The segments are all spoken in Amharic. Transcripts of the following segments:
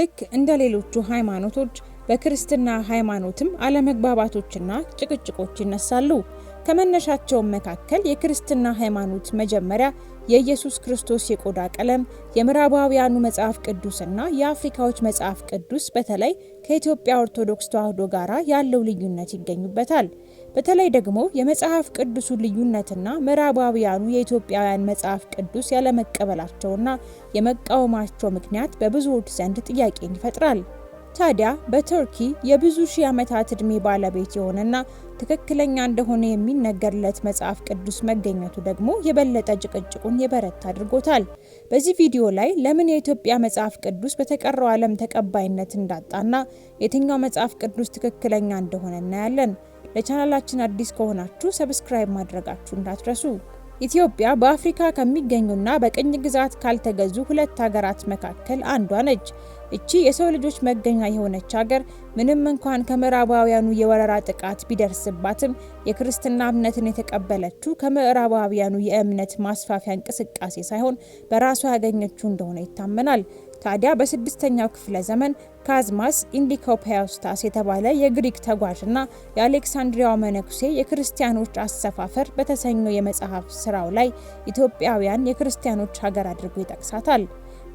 ልክ እንደ ሌሎቹ ሃይማኖቶች በክርስትና ሃይማኖትም አለመግባባቶችና ጭቅጭቆች ይነሳሉ። ከመነሻቸውም መካከል የክርስትና ሃይማኖት መጀመሪያ የኢየሱስ ክርስቶስ የቆዳ ቀለም፣ የምዕራባውያኑ መጽሐፍ ቅዱስና የአፍሪካዎች መጽሐፍ ቅዱስ በተለይ ከኢትዮጵያ ኦርቶዶክስ ተዋሕዶ ጋር ያለው ልዩነት ይገኙበታል። በተለይ ደግሞ የመጽሐፍ ቅዱሱ ልዩነትና ምዕራባውያኑ የኢትዮጵያውያን መጽሐፍ ቅዱስ ያለመቀበላቸውና የመቃወማቸው ምክንያት በብዙዎች ዘንድ ጥያቄን ይፈጥራል። ታዲያ በቱርኪ የብዙ ሺህ ዓመታት ዕድሜ ባለቤት የሆነና ትክክለኛ እንደሆነ የሚነገርለት መጽሐፍ ቅዱስ መገኘቱ ደግሞ የበለጠ ጭቅጭቁን የበረታ አድርጎታል። በዚህ ቪዲዮ ላይ ለምን የኢትዮጵያ መጽሐፍ ቅዱስ በተቀረው ዓለም ተቀባይነት እንዳጣና የትኛው መጽሐፍ ቅዱስ ትክክለኛ እንደሆነ እናያለን። ለቻናላችን አዲስ ከሆናችሁ ሰብስክራይብ ማድረጋችሁ እንዳትረሱ። ኢትዮጵያ በአፍሪካ ከሚገኙና በቅኝ ግዛት ካልተገዙ ሁለት ሀገራት መካከል አንዷ ነች። እቺ የሰው ልጆች መገኛ የሆነች ሀገር ምንም እንኳን ከምዕራባውያኑ የወረራ ጥቃት ቢደርስባትም የክርስትና እምነትን የተቀበለችው ከምዕራባውያኑ የእምነት ማስፋፊያ እንቅስቃሴ ሳይሆን በራሷ ያገኘችው እንደሆነ ይታመናል። ታዲያ በስድስተኛው ክፍለ ዘመን ካዝማስ ኢንዲኮፓያስታስ የተባለ የግሪክ ተጓዥና የአሌክሳንድሪያው መነኩሴ የክርስቲያኖች አሰፋፈር በተሰኘው የመጽሐፍ ስራው ላይ ኢትዮጵያውያን የክርስቲያኖች ሀገር አድርጎ ይጠቅሳታል።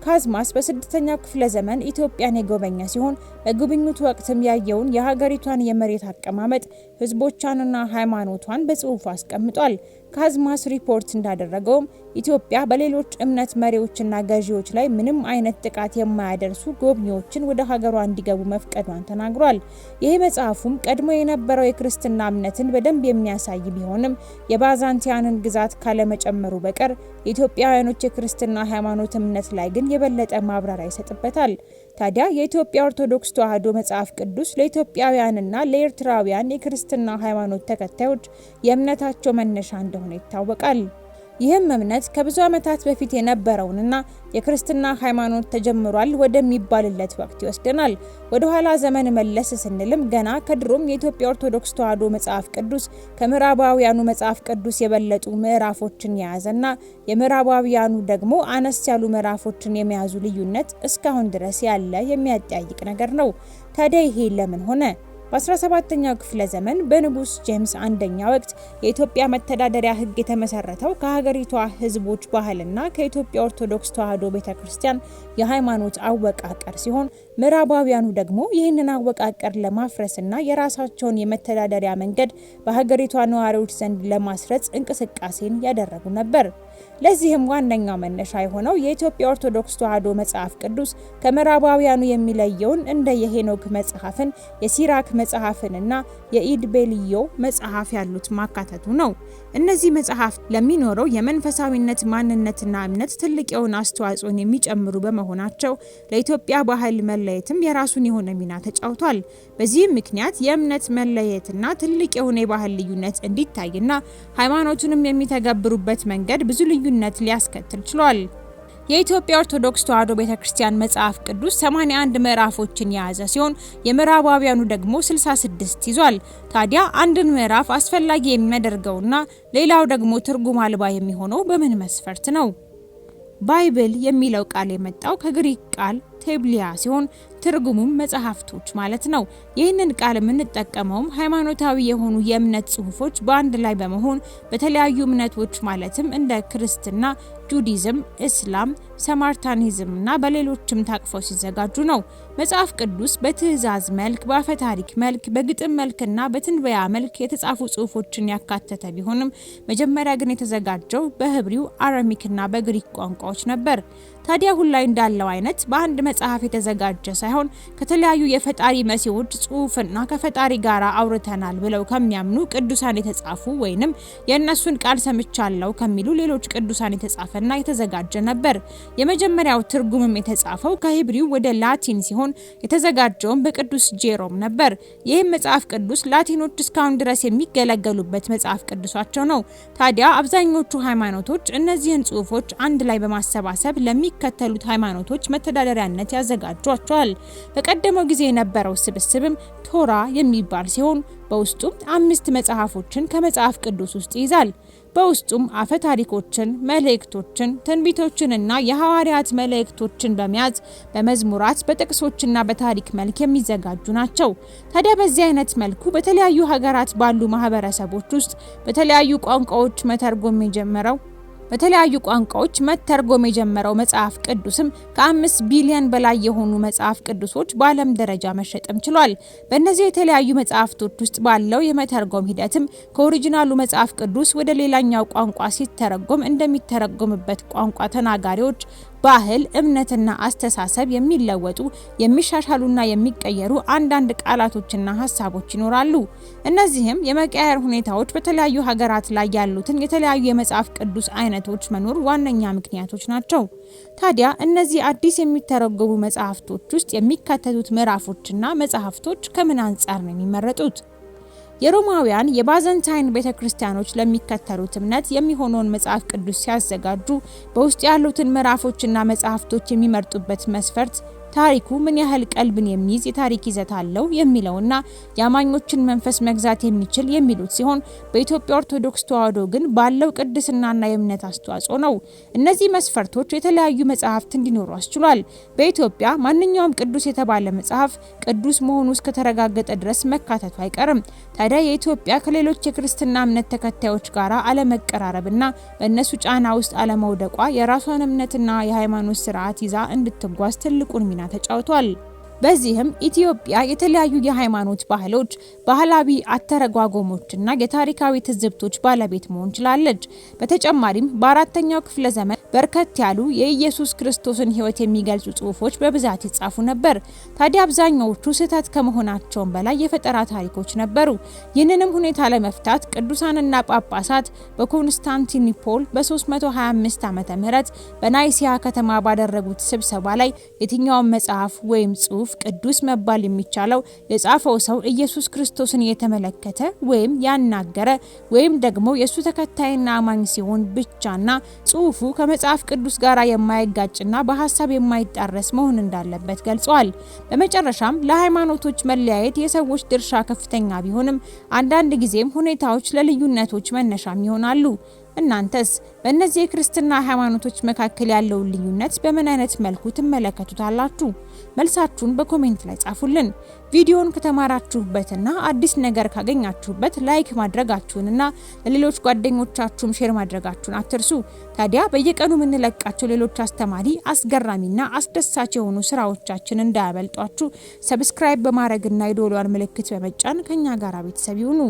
ካዝማስ በስድስተኛው ክፍለ ዘመን ኢትዮጵያን የጎበኘ ሲሆን በጉብኝቱ ወቅትም ያየውን የሀገሪቷን የመሬት አቀማመጥ፣ ህዝቦቿንና ሃይማኖቷን በጽሑፉ አስቀምጧል። ካዝማስ ሪፖርት እንዳደረገውም ኢትዮጵያ በሌሎች እምነት መሪዎችና ገዢዎች ላይ ምንም አይነት ጥቃት የማያደርሱ ጎብኚዎችን ወደ ሀገሯ እንዲገቡ መፍቀዷን ተናግሯል። ይህ መጽሐፉም ቀድሞ የነበረው የክርስትና እምነትን በደንብ የሚያሳይ ቢሆንም የባዛንቲያንን ግዛት ካለመጨመሩ በቀር የኢትዮጵያውያኖች የክርስትና ሃይማኖት እምነት ላይ ግን የበለጠ ማብራሪያ ይሰጥበታል። ታዲያ የኢትዮጵያ ኦርቶዶክስ ተዋሕዶ መጽሐፍ ቅዱስ ለኢትዮጵያውያንና ለኤርትራውያን የክርስትና ሃይማኖት ተከታዮች የእምነታቸው መነሻ እንደሆነ እንደሆነ ይታወቃል። ይህም እምነት ከብዙ ዓመታት በፊት የነበረውንና የክርስትና ሃይማኖት ተጀምሯል ወደሚባልለት ወቅት ይወስደናል። ወደ ኋላ ዘመን መለስ ስንልም ገና ከድሮም የኢትዮጵያ ኦርቶዶክስ ተዋሕዶ መጽሐፍ ቅዱስ ከምዕራባውያኑ መጽሐፍ ቅዱስ የበለጡ ምዕራፎችን የያዘና የምዕራባውያኑ ደግሞ አነስ ያሉ ምዕራፎችን የመያዙ ልዩነት እስካሁን ድረስ ያለ የሚያጠያይቅ ነገር ነው። ታዲያ ይሄ ለምን ሆነ? በ17ኛው ክፍለ ዘመን በንጉስ ጄምስ አንደኛ ወቅት የኢትዮጵያ መተዳደሪያ ህግ የተመሰረተው ከሀገሪቷ ህዝቦች ባህልና ከኢትዮጵያ ኦርቶዶክስ ተዋህዶ ቤተ ክርስቲያን የሃይማኖት አወቃቀር ሲሆን ምዕራባውያኑ ደግሞ ይህንን አወቃቀር ለማፍረስና የራሳቸውን የመተዳደሪያ መንገድ በሀገሪቷ ነዋሪዎች ዘንድ ለማስረጽ እንቅስቃሴን ያደረጉ ነበር። ለዚህም ዋነኛው መነሻ የሆነው የኢትዮጵያ ኦርቶዶክስ ተዋሕዶ መጽሐፍ ቅዱስ ከምዕራባውያኑ የሚለየውን እንደ የሄኖክ መጽሐፍን፣ የሲራክ መጽሐፍንና የኢድቤልዮ መጽሐፍ ያሉት ማካተቱ ነው። እነዚህ መጽሐፍ ለሚኖረው የመንፈሳዊነት ማንነትና እምነት ትልቅ የሆነ አስተዋጽኦን የሚጨምሩ በመሆናቸው ለኢትዮጵያ ባህል መለየትም የራሱን የሆነ ሚና ተጫውቷል። በዚህም ምክንያት የእምነት መለየትና ትልቅ የሆነ የባህል ልዩነት እንዲታይና ሃይማኖቱንም የሚተገብሩበት መንገድ ብዙ ልዩነት ሊያስከትል ችሏል። የኢትዮጵያ ኦርቶዶክስ ተዋሕዶ ቤተ ክርስቲያን መጽሐፍ ቅዱስ 81 ምዕራፎችን የያዘ ሲሆን የምዕራባውያኑ ደግሞ 66 ይዟል። ታዲያ አንድን ምዕራፍ አስፈላጊ የሚያደርገውና ሌላው ደግሞ ትርጉም አልባ የሚሆነው በምን መስፈርት ነው? ባይብል የሚለው ቃል የመጣው ከግሪክ ቃል ቴብሊያ ሲሆን ትርጉሙም መጽሐፍቶች ማለት ነው። ይህንን ቃል የምንጠቀመውም ሃይማኖታዊ የሆኑ የእምነት ጽሁፎች በአንድ ላይ በመሆን በተለያዩ እምነቶች ማለትም እንደ ክርስትና፣ ጁዲዝም፣ እስላም፣ ሰማርታኒዝም እና በሌሎችም ታቅፈው ሲዘጋጁ ነው። መጽሐፍ ቅዱስ በትእዛዝ መልክ፣ በአፈታሪክ መልክ፣ በግጥም መልክና በትንበያ መልክ የተጻፉ ጽሁፎችን ያካተተ ቢሆንም መጀመሪያ ግን የተዘጋጀው በህብሪው አረሚክና በግሪክ ቋንቋዎች ነበር። ታዲያ ሁን ላይ እንዳለው አይነት በአንድ መጽሐፍ የተዘጋጀ ሳይሆን ከተለያዩ የፈጣሪ መሲዎች ጽሑፍና ከፈጣሪ ጋር አውርተናል ብለው ከሚያምኑ ቅዱሳን የተጻፉ ወይንም የእነሱን ቃል ሰምቻለው ከሚሉ ሌሎች ቅዱሳን የተጻፉ የተጻፈና የተዘጋጀ ነበር። የመጀመሪያው ትርጉምም የተጻፈው ከሂብሪው ወደ ላቲን ሲሆን የተዘጋጀውም በቅዱስ ጄሮም ነበር። ይህም መጽሐፍ ቅዱስ ላቲኖች እስካሁን ድረስ የሚገለገሉበት መጽሐፍ ቅዱሳቸው ነው። ታዲያ አብዛኞቹ ሃይማኖቶች እነዚህን ጽሁፎች አንድ ላይ በማሰባሰብ ለሚከተሉት ሃይማኖቶች መተዳደሪያነት ያዘጋጇቸዋል። በቀደመው ጊዜ የነበረው ስብስብም ቶራ የሚባል ሲሆን በውስጡም አምስት መጽሐፎችን ከመጽሐፍ ቅዱስ ውስጥ ይይዛል። በውስጡም አፈ ታሪኮችን፣ መልእክቶችን፣ ትንቢቶችንና የሐዋርያት መልእክቶችን በመያዝ በመዝሙራት በጥቅሶችና በታሪክ መልክ የሚዘጋጁ ናቸው። ታዲያ በዚህ አይነት መልኩ በተለያዩ ሀገራት ባሉ ማህበረሰቦች ውስጥ በተለያዩ ቋንቋዎች መተርጎም የጀመረው በተለያዩ ቋንቋዎች መተርጎም የጀመረው መጽሐፍ ቅዱስም ከአምስት ቢሊዮን በላይ የሆኑ መጽሐፍ ቅዱሶች በዓለም ደረጃ መሸጥም ችሏል። በእነዚህ የተለያዩ መጽሐፍቶች ውስጥ ባለው የመተርጎም ሂደትም ከኦሪጂናሉ መጽሐፍ ቅዱስ ወደ ሌላኛው ቋንቋ ሲተረጎም እንደሚተረጎምበት ቋንቋ ተናጋሪዎች ባህል፣ እምነትና አስተሳሰብ የሚለወጡ የሚሻሻሉና የሚቀየሩ አንዳንድ ቃላቶችና ሀሳቦች ይኖራሉ። እነዚህም የመቀያየር ሁኔታዎች በተለያዩ ሀገራት ላይ ያሉትን የተለያዩ የመጽሐፍ ቅዱስ አይነቶች መኖር ዋነኛ ምክንያቶች ናቸው። ታዲያ እነዚህ አዲስ የሚተረጎሙ መጽሐፍቶች ውስጥ የሚካተቱት ምዕራፎችና መጽሐፍቶች ከምን አንጻር ነው የሚመረጡት? የሮማውያን የባዘንታይን ቤተ ክርስቲያኖች ለሚከተሉት እምነት የሚሆነውን መጽሐፍ ቅዱስ ሲያዘጋጁ በውስጡ ያሉትን ምዕራፎችና መጽሐፍቶች የሚመርጡበት መስፈርት ታሪኩ ምን ያህል ቀልብን የሚይዝ የታሪክ ይዘት አለው የሚለውና የአማኞችን መንፈስ መግዛት የሚችል የሚሉት ሲሆን በኢትዮጵያ ኦርቶዶክስ ተዋሕዶ ግን ባለው ቅድስናና የእምነት አስተዋጽኦ ነው። እነዚህ መስፈርቶች የተለያዩ መጽሐፍት እንዲኖሩ አስችሏል። በኢትዮጵያ ማንኛውም ቅዱስ የተባለ መጽሐፍ ቅዱስ መሆኑ እስከተረጋገጠ ድረስ መካተቱ አይቀርም። ታዲያ የኢትዮጵያ ከሌሎች የክርስትና እምነት ተከታዮች ጋር አለመቀራረብና በእነሱ ጫና ውስጥ አለመውደቋ የራሷን እምነትና የሃይማኖት ስርዓት ይዛ እንድትጓዝ ትልቁን ሚና ተጫውቷል። በዚህም ኢትዮጵያ የተለያዩ የሃይማኖት ባህሎች፣ ባህላዊ አተረጓጎሞችና የታሪካዊ ትዝብቶች ባለቤት መሆን ችላለች። በተጨማሪም በአራተኛው ክፍለ ዘመን በርከት ያሉ የኢየሱስ ክርስቶስን ሕይወት የሚገልጹ ጽሁፎች በብዛት ይጻፉ ነበር። ታዲያ አብዛኛዎቹ ስህተት ከመሆናቸውም በላይ የፈጠራ ታሪኮች ነበሩ። ይህንንም ሁኔታ ለመፍታት ቅዱሳንና ጳጳሳት በኮንስታንቲኒፖል በ325 ዓመተ ምህረት በናይሲያ ከተማ ባደረጉት ስብሰባ ላይ የትኛውን መጽሐፍ ወይም ጽሁፍ ቅዱስ መባል የሚቻለው የጻፈው ሰው ኢየሱስ ክርስቶስን የተመለከተ ወይም ያናገረ ወይም ደግሞ የእሱ ተከታይና አማኝ ሲሆን ብቻና ጽሁፉ ከመ ከመጽሐፍ ቅዱስ ጋር የማይጋጭና በሀሳብ የማይጣረስ መሆን እንዳለበት ገልጸዋል። በመጨረሻም ለሃይማኖቶች መለያየት የሰዎች ድርሻ ከፍተኛ ቢሆንም አንዳንድ ጊዜም ሁኔታዎች ለልዩነቶች መነሻም ይሆናሉ። እናንተስ በእነዚህ የክርስትና ሃይማኖቶች መካከል ያለውን ልዩነት በምን አይነት መልኩ ትመለከቱታላችሁ? መልሳችሁን በኮሜንት ላይ ጻፉልን። ቪዲዮውን ከተማራችሁበትና አዲስ ነገር ካገኛችሁበት ላይክ ማድረጋችሁንና ለሌሎች ጓደኞቻችሁም ሼር ማድረጋችሁን አትርሱ። ታዲያ በየቀኑ የምንለቃቸው ሌሎች አስተማሪ፣ አስገራሚና አስደሳች የሆኑ ስራዎቻችን እንዳያመልጧችሁ ሰብስክራይብ በማድረግና የዶሏን ምልክት በመጫን ከኛ ጋር ቤተሰብ ይሁኑ።